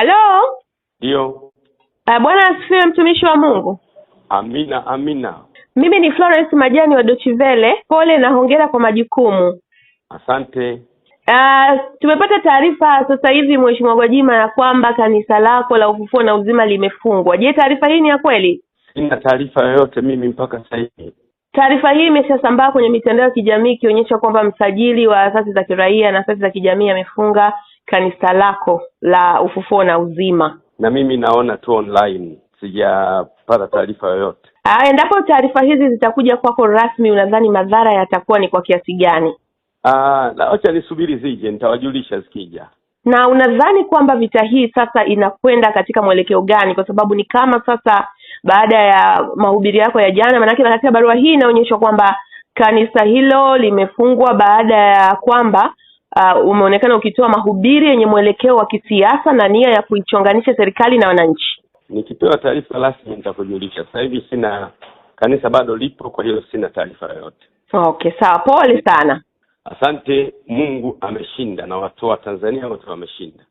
Halo, ndio. Eh, Bwana asifiwe, mtumishi wa Mungu. Amina, amina. Mimi ni Florence Majani wa Dochivele. Pole na hongera kwa majukumu. Asante. Uh, tumepata taarifa sasa hivi Mheshimiwa Gwajima ya kwamba kanisa lako la Ufufuo na Uzima limefungwa. Je, taarifa hii ni ya kweli? Sina taarifa yoyote mimi mpaka sasa hivi. Taarifa hii imeshasambaa kwenye mitandao ya kijamii ikionyesha kwamba msajili wa asasi za kiraia na asasi za kijamii amefunga kanisa lako la Ufufuo na Uzima? Na mimi naona tu online, sijapata taarifa yoyote. Ah, endapo taarifa hizi zitakuja kwako rasmi, unadhani madhara yatakuwa ni kwa kiasi gani? Ah, wacha nisubiri zije, nitawajulisha zikija. Na unadhani kwamba vita hii sasa inakwenda katika mwelekeo gani? Kwa sababu ni kama sasa baada ya mahubiri yako ya jana, maanake katika barua hii inaonyeshwa kwamba kanisa hilo limefungwa baada ya kwamba uh, umeonekana ukitoa mahubiri yenye mwelekeo wa kisiasa na nia ya kuichonganisha serikali na wananchi. Nikipewa taarifa rasmi nitakujulisha. Sasa hivi sina, kanisa bado lipo, kwa hiyo sina taarifa yoyote. Okay, sawa, pole sana. Asante. Mungu ameshinda na watu wa Tanzania wote wameshinda.